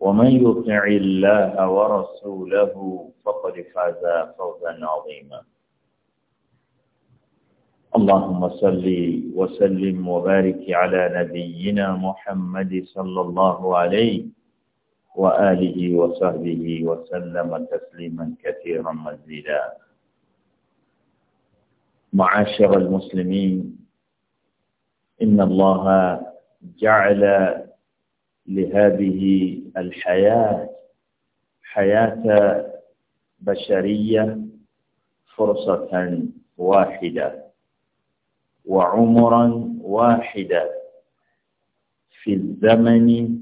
ومن يطع الله ورسوله فقد فاز فوزا عظيما اللهم صل وسلم وبارك على نبينا محمد صلى الله عليه وآله وصحبه وسلم تسليما كثيرا مزيدا معاشر المسلمين إن الله جعل لهذه الحياة حياة بشرية فرصة واحدة وعمرا واحدا في الزمن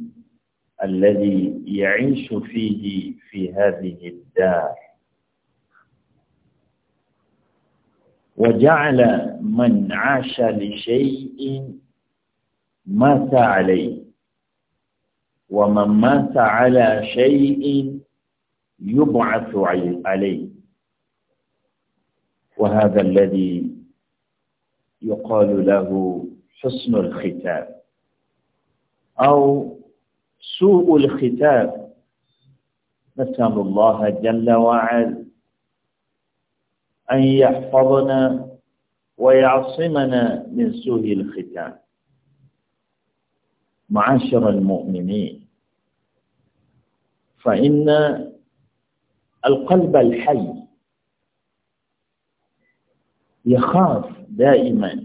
الذي يعيش فيه في هذه الدار وجعل من عاش لشيء مات عليه ومن مات على شيء يبعث عليه وهذا الذي يقال له حسن الختاب أو سوء الختاب نسأل الله جل وعلا أن يحفظنا ويعصمنا من سوء الختام معاشر المؤمنين فإن القلب الحي يخاف دائما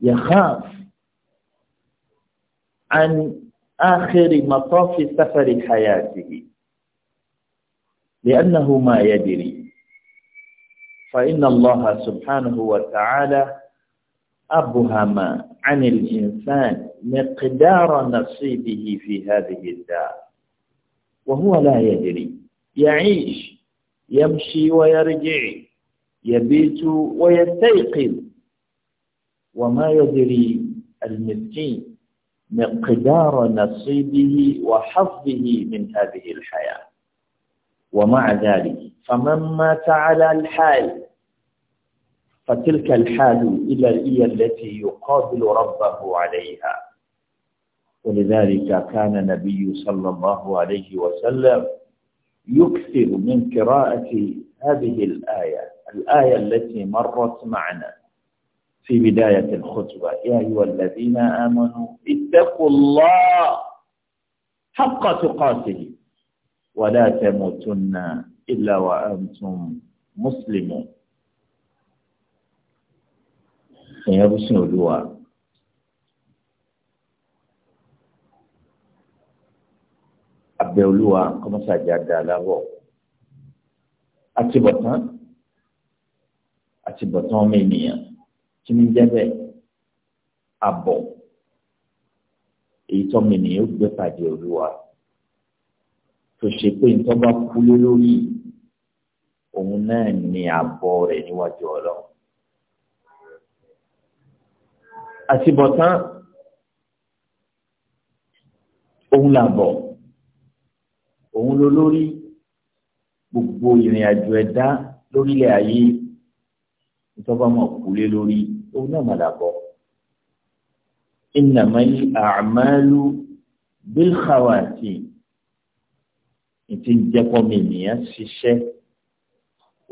يخاف عن آخر مطاف سفر حياته لأنه ما يدري فإن الله سبحانه وتعالى أبهم عن الإنسان مقدار نصيبه في هذه الدار وهو لا يدري يعيش يمشي ويرجع يبيت ويستيقظ وما يدري المسكين مقدار نصيبه وحظه من هذه الحياة ومع ذلك فمن مات على الحال فتلك الحال هي التي يقابل ربه عليها ولذلك كان النبي صلى الله عليه وسلم يكثر من قراءة هذه الآية الآية التي مرت معنا في بداية الخطبة يا أيها الذين آمنوا اتقوا الله حق تقاته ولا تموتن إلا وأنتم مسلمون ẹ̀yin rúṣin olúwa. abẹ́ olúwa kọ́mọ́sàjà dà láwọ̀ àtibọ̀tán àtibọ̀tán ọmọ ènìyàn tí ní jẹ́ bẹ́ẹ̀ àbọ̀ èyí tọ́mọ ènìyàn ó gbé pàdé olúwa tó ṣe pé nítorí bá kú lé lórí òun náà ni àbọ̀ rẹ̀ níwájú ọlọ́run. àtibọ̀tán òun làbọ̀ òun ló lórí gbogbo ìrìn àjò ẹ̀dá lórílẹ̀ ayé ìtọ́ba mọ̀ kúlé lórí òun náà mà làbọ̀ innamal a'malu bil khawati ìtì jẹ́pọ̀ mi ṣiṣẹ́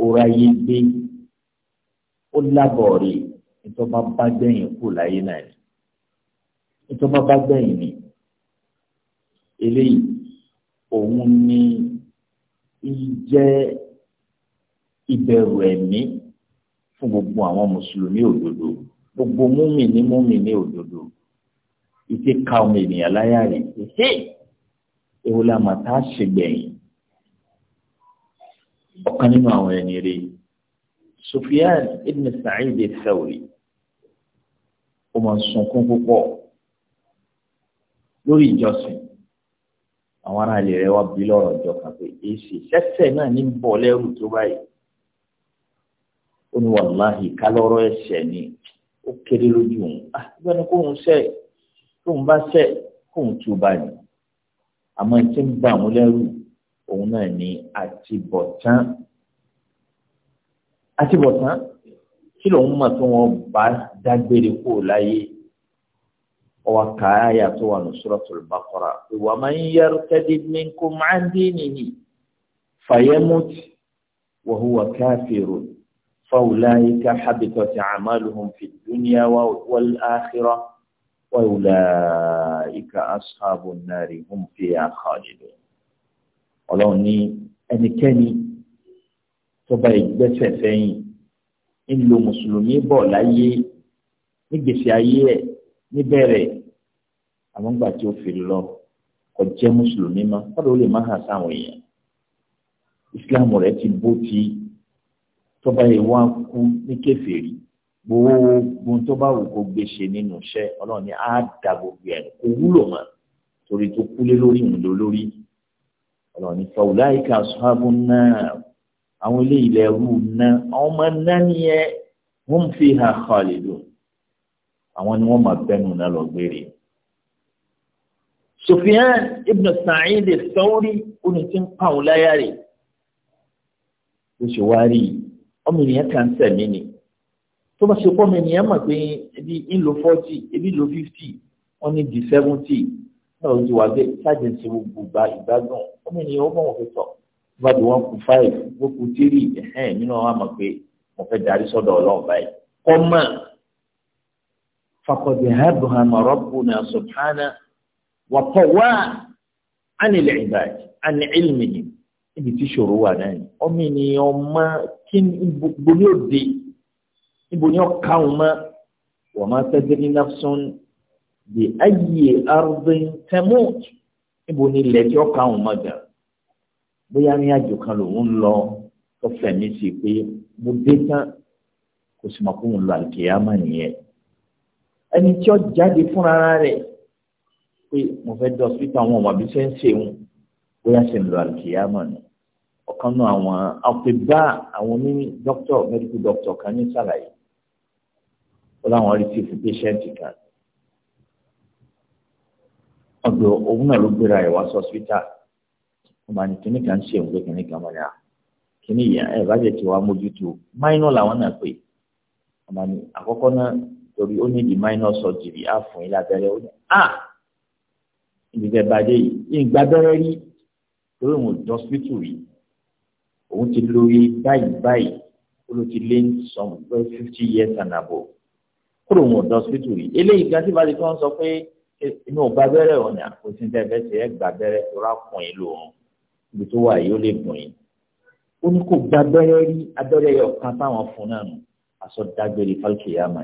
òrayé gbé ó lábọ̀ rèé ìtọ́ba bá gbẹ̀yìn kù láyé náà ni ìtọ́ba bá gbẹ̀yìn ni eléyìí òun ni jẹ́ ìbẹ̀rù ẹ̀mí fún gbogbo àwọn mùsùlùmí òdodo gbogbo múmìnì múmìnì òdodo ìṣe ka ọmọ ènìyàn láyà rẹ̀ ṣe èwo la mà tá a ṣègbẹ̀yìn ọ̀kan nínú àwọn ẹni rèé. Sufyan ibn Sa'id al-Thawri ó máa sunkún púpọ̀ lórí ìjọsìn àwọn ará ilé rẹ̀ wá bí lọ́rọ̀ ọjọ́ kan pé èsì sẹ́sẹ̀ náà ní bọ̀ lẹ́rù tó báyìí ó ní wàláhì kálọ́rọ́ ẹ̀ṣẹ̀ ni ó kéré lójú òun ah, àtúbọ̀ ni kóun ṣẹ̀ tóun bá ṣẹ̀ kóun tú báyìí àmọ́ tí ń bà wọ́n lẹ́rù òun náà ní àtibọ̀tán àtibọ̀tán kí lòun mọ̀ tí wọ́n bá dágbére kó láyé ọwọ́ káyà tó wà ní Suratul Baqara wa man yartadid minkum an dinihi fayamut wa huwa kafirun فأولئك حبطت أعمالهم في الدنيا والآخرة وأولئك أصحاب النار هم فيها خالدون ọlọ́run ní ẹnikẹ́ni tọba ìgbẹ́sẹ̀ sẹ́yìn ńlò mùsùlùmí bọ̀ láyé nígbèsè ayé ẹ̀ níbẹ̀rẹ̀ àwọn gbà tí ó fi lọ kò jẹ́ mùsùlùmí mọ́ kọ́dọ̀ ó lè má hàn sáwọn èèyàn ìsìláàmù rẹ̀ ti bó ti tọba ìwà kú ní kèfèrí gbogbo tó bá wù kó gbèsè nínú iṣẹ́ ọlọ́run ni á da gbogbo ẹ̀ kó wúlò mọ́ torí tó kúlé lórí ìmúlò lórí ọlọ́run ni fàwùláìka sọ́hábùn náà àwọn ilé ilẹ̀ rú ná àwọn ọmọ náà nìyẹn wọ́n fi hà khalidun àwọn ni wọ́n máa bẹ́nu náà lọ gbére. Sufyan ibn Sa'id Thawri oní ti ń pa òun láyà rè ó ṣe wá rí ọmọ ènìyàn kan sẹ̀mí ni tó bá ṣe pọ́ ọmọ ènìyàn mọ̀ pé ebi ń lo forty ebi ń lo fifty wọ́n ní di seventy náà ó ti wá bẹ́ẹ̀ ṣáàjì ń ṣe ìgbádùn ọmọ ènìyàn ó bọ̀ wọ́n fi sọ̀rọ̀ bá di one kù five ó kù three ẹ̀hẹ́n nínú àwọn àmọ̀ pé mo fẹ́ darí sọ́dọ̀ ọlọ́run báyìí kọ́ mọ̀ faqad habahama rabbuna subhana wa tawa anil ibad an ilmihi ibi tí ìṣòro wà náà ni ọmọ ènìyàn ọmọ kí ni gbogbo ní òde níbo ni ọ̀ka òun mọ́ wa ma tadri nafsun bi ayyi ardin tamut níbo ni ilẹ̀ tí ọ̀ka òun mọ́ bóyá ní àjò kan lòun lọ tó fẹ̀mí sí i pé mo dé tán kò sì mọ̀ pé òun lọ àlùkìyámà nìyẹn ẹni tí ó jáde fúnra rẹ̀ pé mo fẹ́ dọ̀ sí àwọn ọmọ àbí ṣe ń ṣe òun bóyá ṣe ń lọ àlùkìyámà ni ọ̀kan náà àwọn àpèbá àwọn ní dókítà medical doctor kan ní sàlàyé ó láwọn rí sí fún patient kan ọ̀dọ̀ òun náà ló gbéra ẹ̀ wá sọ́sítà wọ́n bá ní kíní kan ṣe òun pé kíní kan mọ̀ ní à kíní yìí ẹ̀ bá jẹ́ ti wá mójútó minor làwọn náà pè wọ́n bá ní náà torí ó ní di minor surgery á fún yín lábẹ́rẹ́ ó ní à ìdílé bàdé yìí ìgbà bẹ́rẹ́ rí torí òun ò dọ́sítù rí òun ti lórí báyìí báyìí ó ti lé some fifty years and above kúrò wọn ọdọ síbítù yìí eléyìí gan tí balẹ̀ tí wọ́n sọ pé inú ọgbà abẹ́rẹ́ wọn ni àkóso tẹ́ bẹ́ẹ̀ tẹ́ ẹ gbà tó rà kùn yín lòun ibi tó wà yìí ó lè gùn yìí ó ní kò gba abẹ́rẹ́ rí abẹ́rẹ́ yọ kan táwọn fún náà nù aṣọ dágbére fálkì yàmà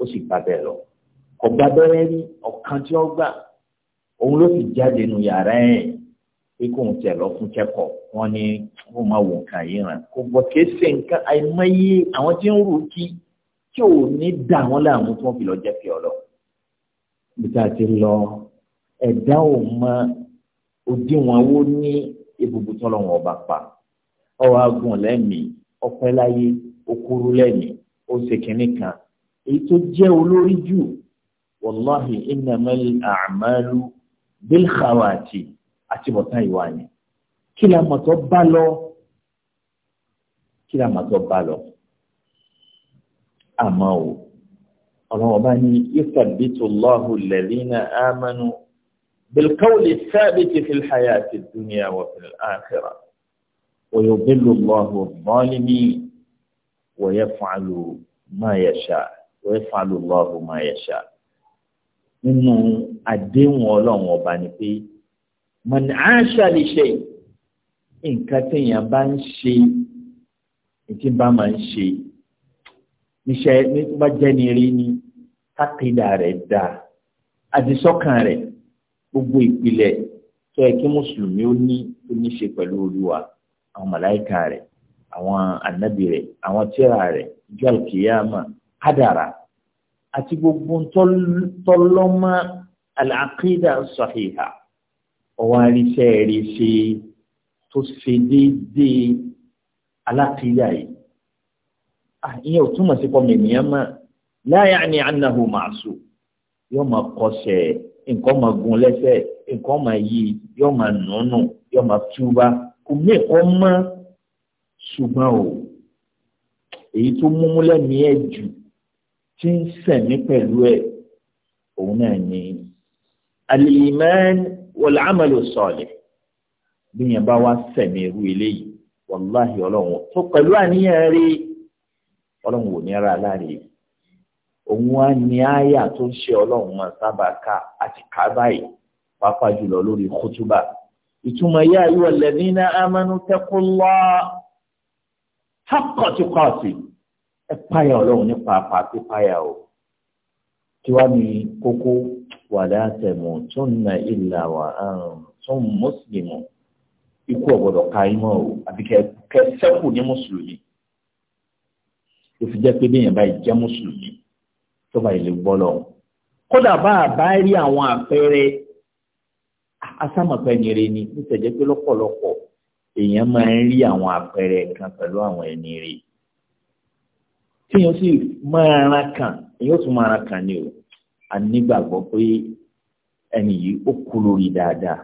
ó sì gba bẹ́ẹ̀ lọ kò gba abẹ́rẹ́ rí ọ̀kan tí ó gbà òun ló sì jáde nù yàrá ẹ̀ pé kóun tẹ̀ lọ fún kẹ́kọ̀ọ́ wọn ni kó máa wò nǹkan yìí ràn kò gbọ́ kéésì nǹkan àìmọye àwọn tí ń rù kí tí ò ní dà wọ́n láàmú tí wọ́n fi lọ jẹ́ fi ọ lọ. bí tá lọ ẹ̀dá ò mọ òdiwọ̀n wo ní ebubu tọ́lọ́wọ́n ọba pa ọwọ́ agùn lẹ́mìí ọpẹ́ láyé okuru lẹ́mìí ó ṣe kínní kan èyí tó jẹ́ olórí jù wàláhì innamal a'malu bil khawati àti bọ̀tán ìwà yẹn kí la mọ̀ bá lọ kí la mọ̀ bá lọ àmọ́ o ọ̀rọ̀ ọba ní yíṣàbítù lọ́hùn lẹ́rìnà بالقول الثابت في الحياة الدنيا وفي الآخرة ويضل الله الظالمين ويفعل ما يشاء ويفعل الله ما يشاء nínú àdéhùn ọlọ́run ọba ni pé mọ̀n áṣà lè ṣe nǹkan téèyàn bá ń ṣe ètí bá máa ń ṣe níṣẹ́ nípa jẹ́ni rí ni kákéda rẹ̀ dáa àdìsọ́kàn rẹ̀ gbogbo ìpìlẹ̀ tó yẹ kí mùsùlùmí ó ní tó ní ṣe pẹ̀lú olúwa àwọn màláìka rẹ̀ àwọn ànábì rẹ̀ àwọn tírà rẹ̀ ìjọ àlùkìyàmà kádàrà àti gbogbo tọ́lọ́mọ àlàkídà sàhíhà ọwọ́ àríṣẹ́ rí ṣe tó ṣe déédéé alákìíyà yìí ìyẹn ò túmọ̀ sí pọ́ mẹ́nìyàn láyà ni ànáhùn màásù yóò máa kọ́ sẹ́ẹ̀ nǹkan máa gun lẹ́sẹ̀ nǹkan máa yí yóò máa nùnù yóò máa túbá kò mí nǹkan mọ́ ṣùgbọ́n o èyí tó múmú lẹ́mìí ẹ̀ jù tí ń sẹ̀mí pẹ̀lú ẹ̀ òun náà ni al-iman wal-amalu bí yẹn bá wá sẹ̀mí irú eléyìí wàláhì ọlọ́run tó pẹ̀lú àníyàn rí ọlọ́run ò ní ara aláàrẹ̀ yìí òun wá ní àyà tó ń ṣe ọlọ́run máa sábà ká àti ká báyìí pàápàá jùlọ lórí kútúbà ìtumọ̀ yá ayúwọ̀ lẹ́ni iná amánú tẹ́kù lọ́ hákọ̀tíkọ̀tì ẹ páyà ọlọ́run nípa àpàtì páyà o tí wàá ní kókó wàlá tẹ̀mù tó nà ìlà wà tó mùsùlùmù ikú ọ̀gbọ́dọ̀ ká imọ̀ o àbí kẹ́ ní mùsùlùmí ó jẹ́ pé bí èèyàn báyìí jẹ́ mùsùlùmí tó bá ilé gbọ́ lọ. kódà bá a bá rí àwọn àpẹẹrẹ asámọ̀pẹ́ ni ni nítẹ̀jẹ́ pé lọ́pọ̀lọpọ̀ èèyàn máa ń rí àwọn àpẹẹrẹ kan pẹ̀lú àwọn ẹni rè tíyẹn sì máa ra kàn èèyàn tún máa ra kàn ni o a nígbàgbọ́ pé ẹni yìí ó kú lórí dáadáa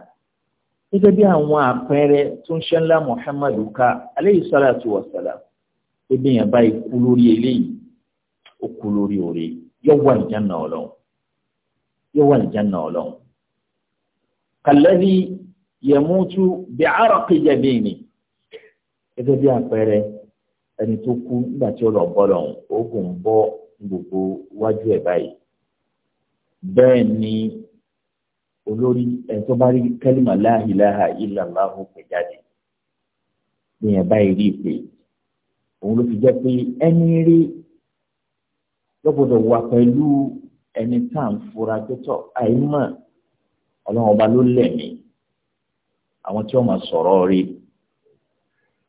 gẹ́gẹ́ bí àwọn àpẹẹrẹ tó ń ṣẹlá Muhammadu ká alayhi salatu wa salam pé bí èèyàn báyìí kú lórí eléyìí ó kú lórí òre yóò wà ìjánà ọlọ́run yóò wà ìjánà ọlọ́run kàlẹ́bí yẹmútú bí àròkè jẹ̀bi ni gẹ́gẹ́ bí àpẹẹrẹ ẹni tó kú nígbà tí ó lọ bọ́lọ̀ oògùn bọ́ gbogbo wájú ẹ̀ báyìí bẹ́ẹ̀ ni olórí ẹni tó bá rí kẹ́límà la ilaha pè jáde ní báyìí rí i pé òun ló fi jẹ́ pé ẹni rí lọ́gbọ̀dọ̀ wà pẹ̀lú ẹni tá à ń fura pẹ́tọ́ àìmọ̀ ọlọ́run ọba ló lẹ̀mí àwọn tí wọ́n máa sọ̀rọ̀ rí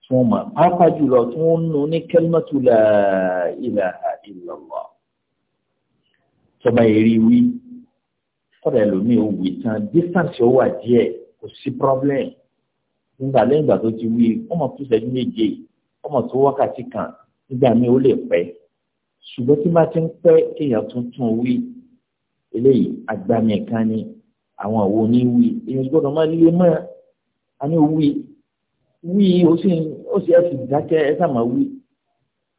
tí wọ́n máa pàápàá jùlọ tí wọ́n ń nu ní kalimatu la ilaha illallah tọ́ba eré wí kọ́dà ẹlòmíì ò wí tán distance ó wà díẹ̀ kò sí problem nígbà lẹ́yìn ìgbà tó ti wí ọmọ tó ṣẹ́jú méje ọmọ tó wákàtí kan nígbà míì ó lè pẹ́ ṣùgbọ́n tí máa ti ń pẹ́ kéèyàn tuntun wí eléyìí agbami ẹ̀kan ni àwọn àwo ní wí èyàn gbọ́dọ̀ máa líle mọ́ a ní wí wí ó sì ó sì ẹ̀sìn dákẹ́ ẹ sàmà wí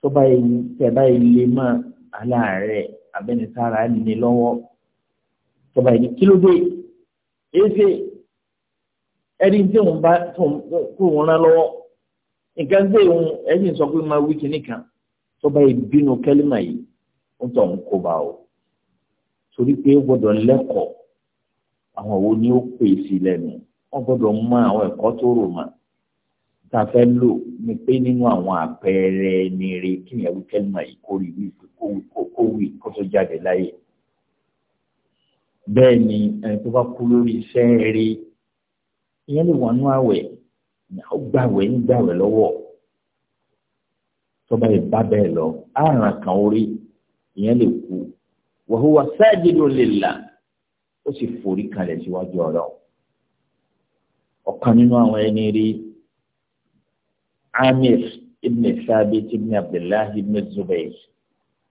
tó bá yẹ tẹ bá yẹ lè mọ́ aláàárẹ̀ abẹ́nisára ní lọ́wọ́ tó bá yẹ kí ló dé éze ẹni tí òun bá tó òun rán lọ́wọ́ nǹkan tí òun ẹ̀sìn sọ pé máa wí kinní kan tó bá yìí bínú kẹ́límà yìí ń tọ̀ ń kó bá o torí pé gbọ́dọ̀ lẹ́kọ̀ọ́ àwọn wo ni ó pè sí lẹ́nu wọ́n gbọ́dọ̀ mọ àwọn ẹ̀kọ́ tó rò mà tá a fẹ́ lò ni pé nínú àwọn àpẹẹrẹ ni re kí ni ẹ̀rú kẹ́límà yìí kó rí wí kó wí kó tó jáde láyé bẹ́ẹ̀ ni ẹni tó bá kú lórí iṣẹ́ rí ìyẹn lè wọnú àwẹ̀ ó gbàwẹ̀ ń gbàwẹ̀ lọ́wọ́ tọ́ba yìí bá bẹ́ẹ̀ lọ àrùn kan orí ìyẹn lè kú wàhùwà sajidun lillah ó sì forí kalẹ̀ síwájú ọ̀rọ̀ ọ̀kan nínú àwọn ẹni rí amir ibn thabit ibn abdullah ibn zubayr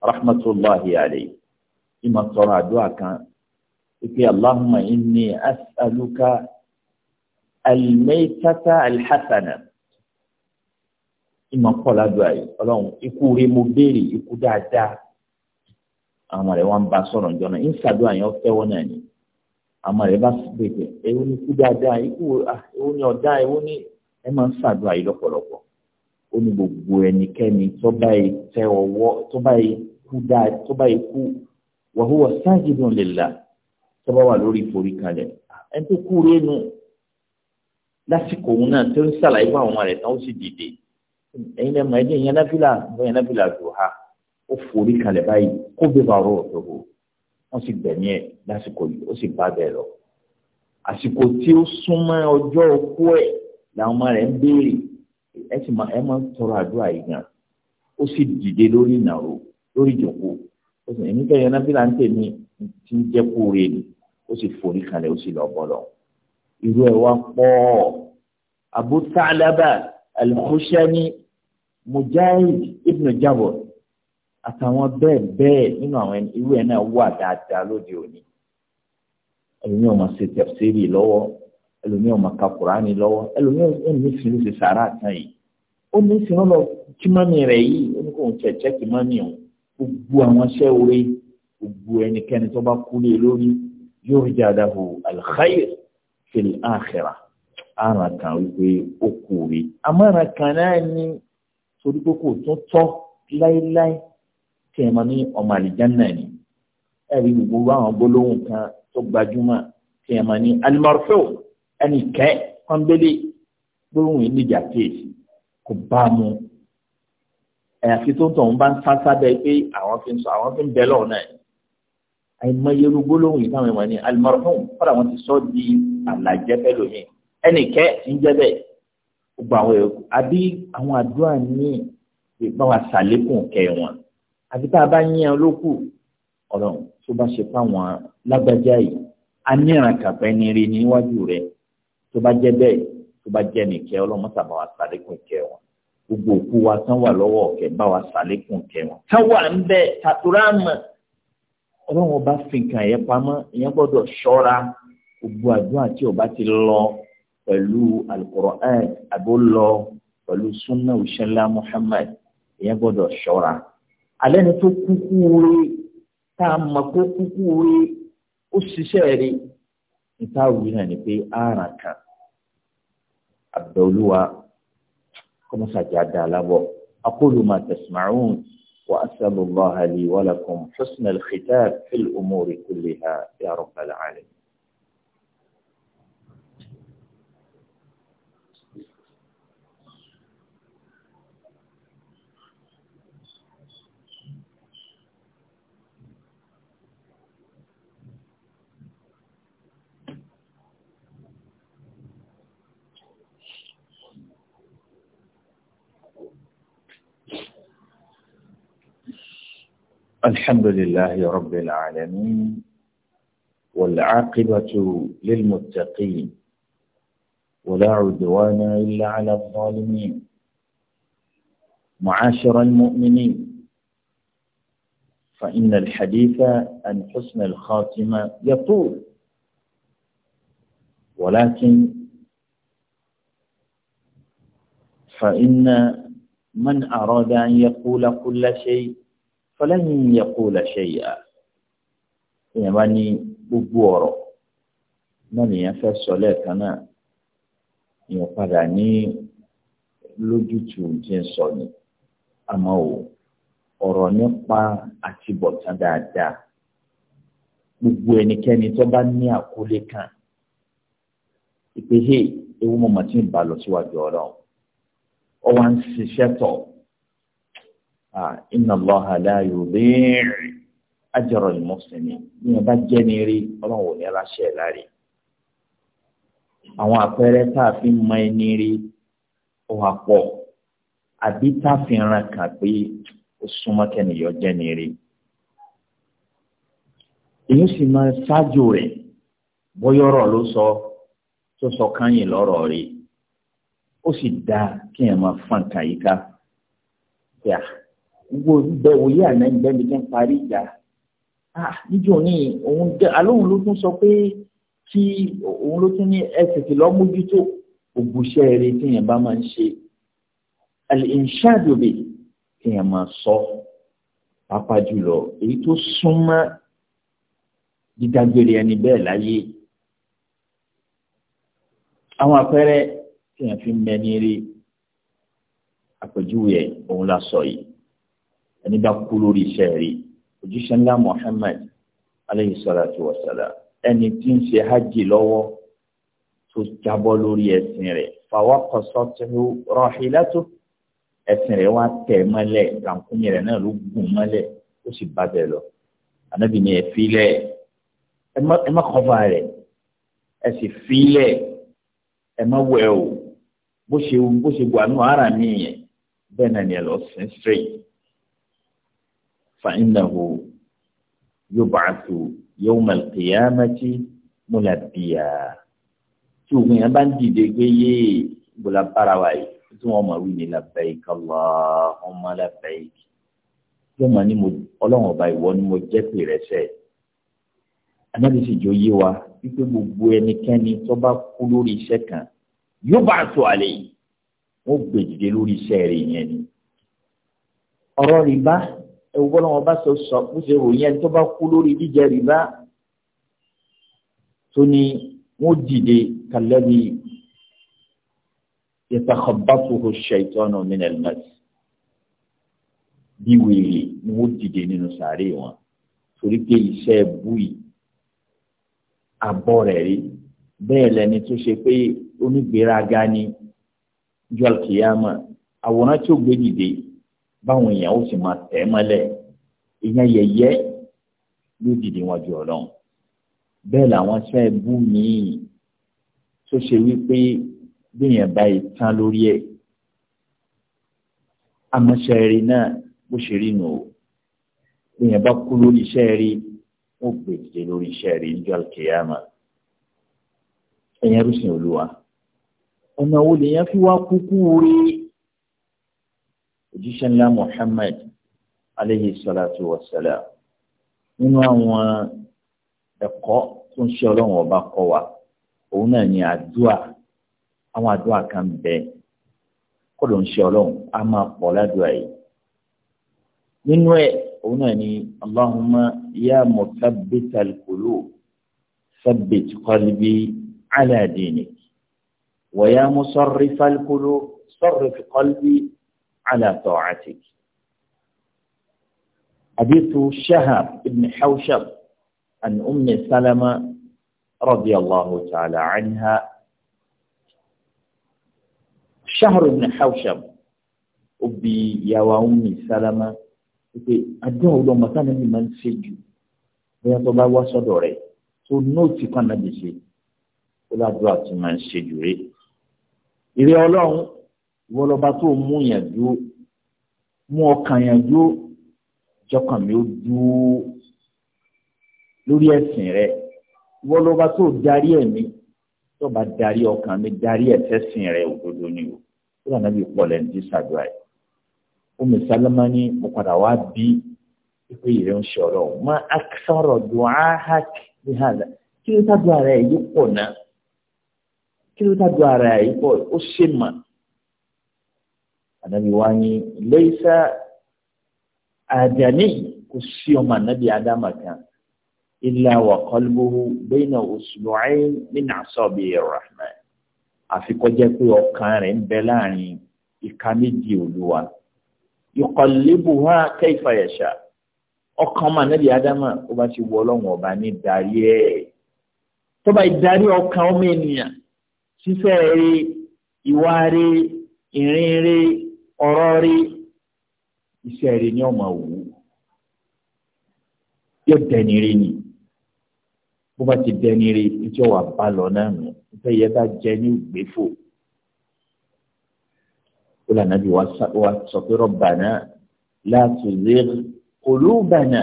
rahmatulahi alayhi ìmọ̀ sọ̀rọ̀ àdúrà kan ìpè allahumma inni as'aluka almaytata alhasana ìmọ̀ pọ̀ ládùúgbà yìí ọlọ́run ikú rẹ mo béèrè ikú dáadáa àwọn ọmọ rẹ wọn bá sọ̀rọ̀ ǹjọ́ náà ìṣàdúrà yẹn fẹ́wọ́ náà ni àwọn ọmọ rẹ bá bèbè ewu ni ikú dáadáa ikú ewu ah, ni ọ̀dá ewu ni ẹ máa ń ṣàdúrà yìí lọ́pọ̀lọpọ̀ ó ní gbogbo ẹnikẹ́ni tó bá yìí tẹ ọwọ́ tó bá tó bá wà lórí ìforí kalẹ̀ ẹni tó kú rẹ́nu lásìkò òun náà tó ń ṣàlàyé fún àwọn rẹ̀ tán ó sì dìde ẹ̀yin lẹ́mọ̀ ẹ̀jẹ̀ yẹn náfìlà yẹn náfìlà tó ha ó forí kalẹ̀ báyìí kó bẹ́ẹ̀ bá rọ̀ tó o wọ́n sì gbẹ̀mí ẹ̀ lásìkò yìí ó sì bá bẹ́ẹ̀ lọ. àsìkò tí ó súnmọ́ ọjọ́ okú ẹ̀ làwọn ọmọ rẹ̀ ń béèrè ẹ sì máa ẹ máa ń tọrọ àdúrà yìí gan ó sì dìde lórí ìnàró lórí ìjòkó ó sì èmi kẹyìn náfìlà ń tèmi ti ń jẹ́ kóore ni ó sì forí kalẹ̀ ó sì lọ bọ́lọ̀ irú ẹ̀ wá pọ̀ Abu Thalaba al mujahid ibn jabor àtàwọn bẹ́ẹ̀ bẹ́ẹ̀ nínú àwọn ìwé náà wà dáadáa lóde òní ẹlòmíì ọmọ ṣe tẹ̀síìrì lọ́wọ́ ẹlòmíì ọmọ ka kùránì lọ́wọ́ ẹlòmíì ọmọ ìsinmi ṣe sàrà kan yìí ó ní ìsinmi lọ kìmọ́nì rẹ̀ yìí ó ní kò ń tẹ̀tẹ̀ kìmọ́nì o gbogbo àwọn iṣẹ́ orí gbogbo ẹnikẹ́ni tó bá kú lé e lórí yurjadahu al-khayr fil akhirah àràn kan wípé ó kú rí náà ní torí pé kò tún tọ́ láéláé kí ẹ máa ní ọmọ àlìjánná ni ẹ̀rí gbogbo àwọn gbólóhùn kan tó gbajúmọ̀ kí ẹ máa ní alimarfo ẹnì kẹ́ pọ́nbélé gbólóhùn yìí níjà kéèsì kò bá a mú àyàfi tó ń tọ̀ ń bá ń sáńsá bẹ́ẹ̀ pé àwọn fi ń sọ àwọn fi ń bẹ́ lọ́wọ́ náà àìmọye olúgbólóhùn yìí táwọn ìwà ni alimarfo fọ́nà wọn di àlàjẹ́ fẹ́ lómi ẹnì gbogbo àwọn ẹ̀kọ́ àbí àwọn àdúrà ní ìbá wa ṣàlékún kẹ́ wọn àbí tá a bá yín ẹ lókù ọ̀rọ̀ tó bá ṣe fáwọn lágbájá yìí a ní ìrànkàpẹ́ ní rí níwájú rẹ tó bá jẹ́ bẹ́ẹ̀ tó bá jẹ́ nìkẹ́ ọlọ́mọ sábà wa ṣàlékún kẹ́ wọn gbogbo òkú wa tán wà lọ́wọ́ ọ̀kẹ́ bá wa ṣàlékún kẹ́ wọn tán wà ń bẹ tàtúrà ọlọ́run ọba fi ẹ̀yẹ pamọ́ ìyẹn gbọ́dọ̀ ṣọ́ra gbogbo àdúrà tí ọba ti lọ pẹ̀lú alukur'an àbólọ pẹ̀lú sunna òṣèlá muhammad ìyẹn gbọ́dọ̀ ṣọ́ra alẹ́ ni tó kúkú rí tá a mọ̀ pé kúkú rí ó ṣiṣẹ́ rí níta wí náà ni pé ààrà kan abdulluwa kọ́mọ́sàjà dá a lábọ̀ akólu ma tẹ̀sùmáàrún wa asalu allah ali walakum husna al-khitab fil umuri kulliha ya rabbal alamin. الحمد لله رب العالمين والعاقبة للمتقين ولا عدوان إلا على الظالمين معاشر المؤمنين فإن الحديث عن حسن الخاتمة يطول ولكن فإن من أراد أن يقول كل شيء falan yaqula shay'a èèyàn bá ní gbogbo ọ̀rọ̀ náà nìyẹn fẹ́ sọ lẹ́ẹ̀kan náà èèyàn padà ní lójútùú tí ń sọ ni àmọ́ o ọ̀rọ̀ nípa àtibọ̀tán dáadáa gbogbo ẹnikẹ́ni tó bá ní àkólé kan ìpè ewu mọ̀mọ́ tí ń bá síwájú ọ̀rọ̀ ọ wá ń ṣiṣẹ́ tọ̀ inna Allaha la yudhi' ajra al-muslimin ní ẹ bá jẹ́ ní rí ọlọ́run ò ní aláṣẹ láre àwọn àpẹẹrẹ tá a fi mọ ẹni rí ó wà pọ̀ àbí tá a fi ran kàn pé ó súnmọ́ kẹ́nìyàn jẹ́ ní rí èyí sì máa ṣáájú rẹ̀ bọ́yọ̀rọ̀ ló sọ tó sọ káyìn lọ́rọ̀ rẹ̀ ó sì dáa kí ẹ máa fọn kàyíká yà wo bẹ́ẹ̀ wòye àná ìgbẹ́ni kí n parí ìjà níjọ́ ní òun jẹ́ alóhùn ló tún sọ pé kí òun ló tún ní ẹsẹ̀kì lọ́mójútó ògùṣẹ́ eré téèyàn bá máa ń ṣe ìṣàdùbẹ̀ téèyàn máa sọ pàápàá jùlọ èyí tó súnmọ́ dídágbére ẹni bẹ́ẹ̀ láyé àwọn àpẹẹrẹ téèyàn fi ń mẹ́ni rí àpèjúwe ẹ̀ òun la sọ yìí ẹni bá kú lórí iṣẹ́ rí òjíṣẹ́ ńlá Muhammad aleyhi salatu wa salam ẹni tí ń ṣe hajj lọ́wọ́ tó jábọ́ lórí ẹ̀sìn rẹ̀ fàwa kọsọ́tìrú rọ́ọ̀hìlátó ẹ̀sìn rẹ̀ wá tẹ̀ mọ́lẹ̀ rànkúnyẹ̀ rẹ̀ náà ló gùn mọ́lẹ̀ ó sì bá bẹ̀ lọ ànábì ni ẹ̀ fílẹ̀ ẹ má kọ́fà rẹ̀ ẹ sì fílẹ̀ ẹ má wẹ̀ o bó ṣe bó ṣe wà nù ara mi yẹn bẹ́ẹ̀ náà ni ẹ lọ sìn فإنه يبعث يوم القيامة ملبيا شوف يا بندي دقيقة بلا براوي ثم وين لبيك اللهم لبيك yọmọ ni mo ọlọ́run ọba ìwọ ni mo jẹ́ pé rẹ sẹ anábìsíjọ yé wa wípé gbogbo ẹnikẹ́ni tó bá kú lórí iṣẹ́ kan yóò bá a tó àlè yìí wọ́n gbèdìde lórí iṣẹ́ rẹ̀ yẹn ni ọ̀rọ̀ rìbá ẹ̀wù bọ́lá wọn bá sọ sọ bó ṣe rò yẹn tó bá kú lórí jíjẹ rìbá tó ní wọ́n dìde kàlẹ́bí yàtàkọ̀bátòhò ṣàìtọ́nà minal mas bí wèrè ni wọ́n dìde nínú sàárè wọn torí pé iṣẹ́ bùi abọ́ rẹ̀ rí bẹ́ẹ̀ lẹni tó ṣe pé onígbéraga ni jọ́ọ̀kìyàmà àwòrán tí ó gbé dìde báwọn èèyàn ó sì máa tẹ̀ mọ́lẹ̀ èèyàn yẹ̀yẹ́ ló dìde wọn ju ọlọ́run bẹ́ẹ̀ làwọn iṣẹ́ bú míì tó ṣe wípé gbìyàn báyìí tán lórí ẹ̀ amọ̀ṣẹ́ rí náà bó ṣe rí nù o gbìyàn bá kú lórí iṣẹ́ rí ó gbè lórí iṣẹ́ rí níjọ́ àlùkìyàmà ẹ̀yẹn rúṣin olúwa ọ̀nà wo lèèyàn fi wá kúkú rí i òjíṣẹ́ ńlá Muhammad aleyhi salatu wa salam nínú àwọn ẹ̀kọ́ tó ń ṣe ọlọ́run ọba kọ́ wa òun náà ni àdúà àwọn àdúà kan bẹ kọ́dọ̀ ń ṣe ọlọ́run á máa pọ̀ ládùúgbà yìí nínú ẹ̀ òun náà ni Allahumma ya muthabbital qulub thabbit qalbi ala dinik wa ya musarrifal qulub sarrif qalbi. على طاعتك حديث شهاب بن حوشب عن أم سلمة رضي الله تعالى عنها شهر بن حوشب أبي يا أم سلمة أدعو لهم مثلا من سجو ويطبع وصدره tó nóòtì kan náà lè ṣe ó ládùúgbò àti máa ń ṣe jù rè ìrẹ Ọlọ́run ìwọ lọba tó mú yàn dúró mú ọkàn yàn dúró jọkàn mi ó dúró lórí ẹ̀sìn rẹ ìwọ lọba tó darí ẹ̀mí tó bá darí ọkàn mi darí ẹ̀sẹ̀sìn rẹ òdodo ni o ó lànà bí pọ̀lẹ̀ ní sàdúrà yìí omi sálámà ní mo padà wá bí ìpè yìí ń sọ̀rọ̀ má a sọ̀rọ̀ dùn á hàkì hàlà kí ló tàdúrà rẹ yìí pọ̀ náà kí ló tàdúrà rẹ yìí pọ̀ ó ṣe mà. ana biwa yi lo isa a dani ku si o ma nabi adamaka ilawa kalubowo nina usulunwanyi nina so bi ra na afiko je ku ọka rai bela rai ikamidi oluwa ikolubo wa ka ifa ya sha ma nabi adamaka ko ba ti wolonwa ba ni darie ẹ tọba idarie ọka omenia si fere iwari iriri ọ̀rọ̀ rí iṣẹ́ rí ni ọmọ wù ú yóò dẹni rí ni bó bá ti dẹni rí ìjọ wà bá lọ náà nù nítorí yẹ bá jẹ ní ìgbéfò ó lànà bí wàá sọ pé rabbana la tuzigh qulubana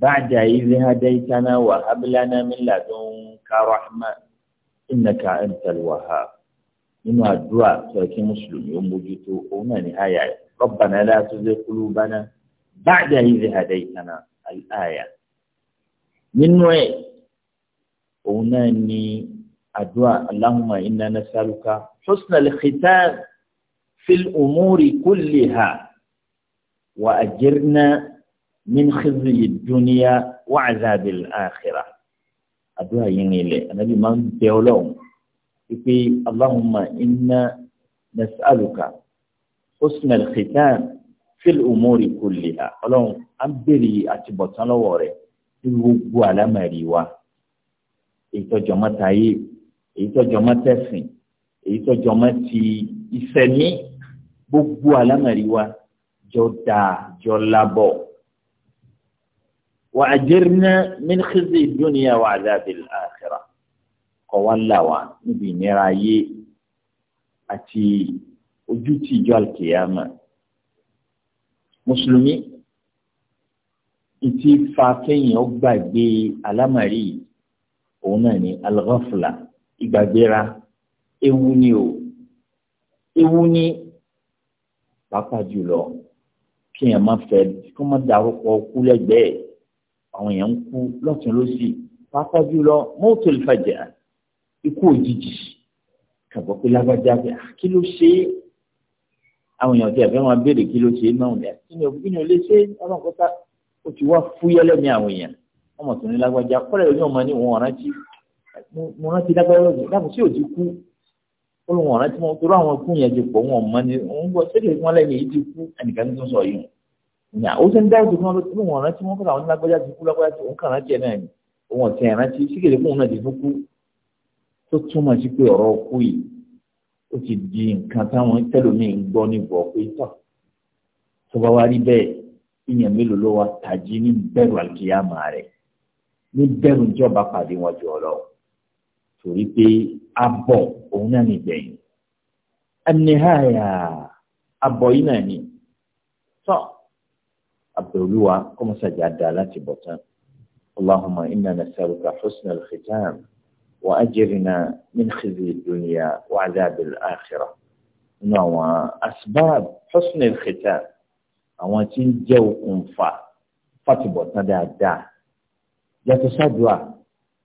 ba'da idh hadaytana wa hab lana min ladunka rahma innaka antal wahhab. nínú àdúrà tó yẹ kí mùsùlùmí ó mójútó òun náà ní àyà rẹ̀ rabbana la tuzigh qulubana ba'da idh hadaytana àyà nínú ẹ̀ òun náà ní àdúrà allahumma inna nas'aluka husnal khitam fil umuri kulliha wa ajirna min khizyi dunya wa 'adhabil akhirah àdúrà yìí nílẹ̀ ànábì máa ń bẹ ọlọ́run. wípé allahumma inna nas'aluka husnal khitan fil umuri kulliha ọlọ́run à ń bèrè àtibọ̀tán lọ́wọ́ rẹ̀ ní gbogbo àlámọ̀rí wa èyí tó jọmọ́ tayé èyí tó jọmọ́ tẹ̀sìn èyí tó jọmọ́ ti ìsẹ̀mí gbogbo àlámọ̀rí wa jọ dáa jọ labọ̀ wà á jẹ́rìí náà min wà á dábìlì kọ wá là wá níbi ìnira ayé àti ojútì ìjọ àlùkìyàmà mùsùlùmí ìtì fa kéèyàn ó gbàgbé alámàrí òun náà ní alghafla ìgbàgbéra ewu ni o ewu ni pàápàá jùlọ kéèyàn má fẹ́ kó má darúkọ kú lẹ́gbẹ̀ẹ́ àwọn èèyàn ń kú lọ́tún lọ́sì pàápàá jùlọ mọ́tò ìfàjẹ́ ikú òjijì kàbọ̀ pé lágbájá bẹ́ẹ̀ ah, kí ló ṣe é àwọn èèyàn ti ẹ̀fẹ́ wọn béèrè kí ló ṣe é náà rẹ̀ ah, kí ni òbí ni ò lè ṣe ọlọ́run kọ́ta ó ti wá fúyẹ́ lẹ́mìí àwọn èèyàn wọ́n mọ̀ tó ní lágbájá kọ́lẹ̀ ló ní ọmọ ní wọn rántí mo rántí lágbájá lọ́dún dáàbò sí òjì kú ó lóun ọ̀rán tí wọ́n torọ́ àwọn ikú yẹn ti pọ̀ wọn mọ́ ni òun gbọ́ sílẹ̀ wọn lẹ́yìn èyí ti kú ẹnìkan tó ń sọ yìí ní àwọn tó ń dá òtún wọn lóun ọ̀rán tí wọ́n kọ́ àwọn lágbájá ti kú lágbájá ti òun kàn rántí ẹ̀ náà ni òun ọ̀tí rántí síkèlè fún òun náà ti fún kú tó túmọ̀ sí pé ọ̀rọ̀ ọkú yìí ó ti di nǹkan táwọn tẹlómìn gbọ́ níbọ̀ pé tọ̀ tó bá wá rí bẹ́ẹ̀ ìyẹn mélòó ló wá tají ní bẹ̀rù àkíyàmà rẹ̀ ní bẹ̀rù ìjọba pàdé wọn jọ lọ torí pé abọ̀ òun náà nìgbẹ̀yìn ẹnìhàyà abọ̀ yìí náà ni tọ́ abẹ́olúwa kọ́mọ́sàjà dá láti bọ̀ tán. اللهم إنا نسألك حسن الختام وأجرنا من خزي الدنيا وعذاب الآخرة نوع أسباب حسن الختام àwọn tí ń jẹ́ okùnfà fàtìbọ̀ tán dáadáa yàtọ̀ sádùá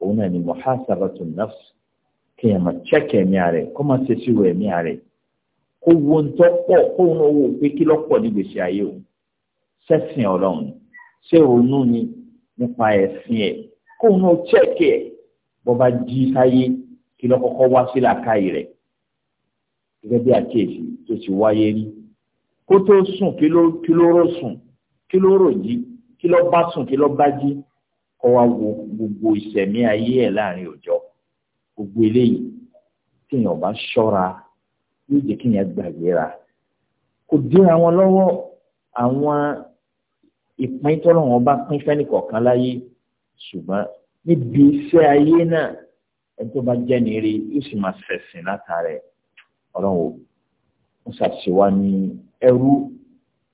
òun náà ni muhasabatu nafs kéèyàn máa chẹ́kẹ̀ ẹ̀mí ààrẹ kó máa ṣe síwò ẹ̀mí ààrẹ kó wo ń tọ́ pọ̀ kó ń wo pé kí lọ́pọ̀ ní gbèsè ayé o sẹ́sìn ọlọ́run ṣé òun ní nípa ẹ̀sìn ẹ̀ kó ń chẹ́kẹ̀ ẹ̀ bọ́ba jí sáyé kí ló kọ́kọ́ wá sí làákàyè rẹ̀ gẹ́gẹ́ bí àkíyèsí tó ti wáyé rí kó tó sùn kí ló kí ló rò sùn kí ló rò jí kí ló bá sùn kí ló bá jí kọ́ wa wo gbogbo ìṣẹ̀mí ayé ẹ̀ láàrin òjọ́ gbogbo eléyìí kéèyàn bá ṣọ́ra yóò jẹ́ kéèyàn gbàgbéra kò dira wọn lọ́wọ́ àwọn ìpín tọ́lọ́wọ́n bá pín fẹ́nìkọ̀ọ̀kan láyé ṣùgbọ́n níbi iṣẹ́ ayé náà ẹni tó bá jẹ́ ní rí yóò sì máa ṣẹ̀sìn látàrẹ ọlọ́run ò ń ṣàṣewá ní ẹrú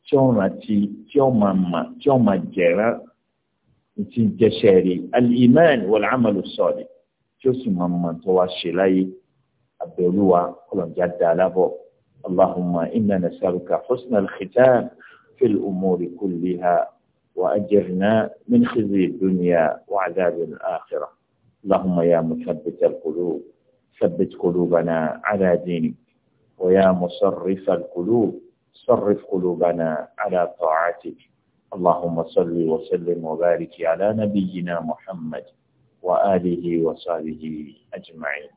tí ó rántí tí ó máa mà tí ó máa jẹ̀rán ti ń jẹ́ṣẹ́ rí al-iman amalu salih tí ó sì máa mà tó wá ṣe láyé abẹ́olúwa ọlọ́njà dá lábọ̀ allahumma inna nasaluka husnal khitam fil umuri kulliha. وأجرنا من خزي الدنيا وعذاب الآخرة اللهم يا مثبت القلوب ثبت قلوبنا على دينك ويا مصرف القلوب صرف قلوبنا على طاعتك اللهم صل وسلم وبارك على نبينا محمد وآله وصحبه أجمعين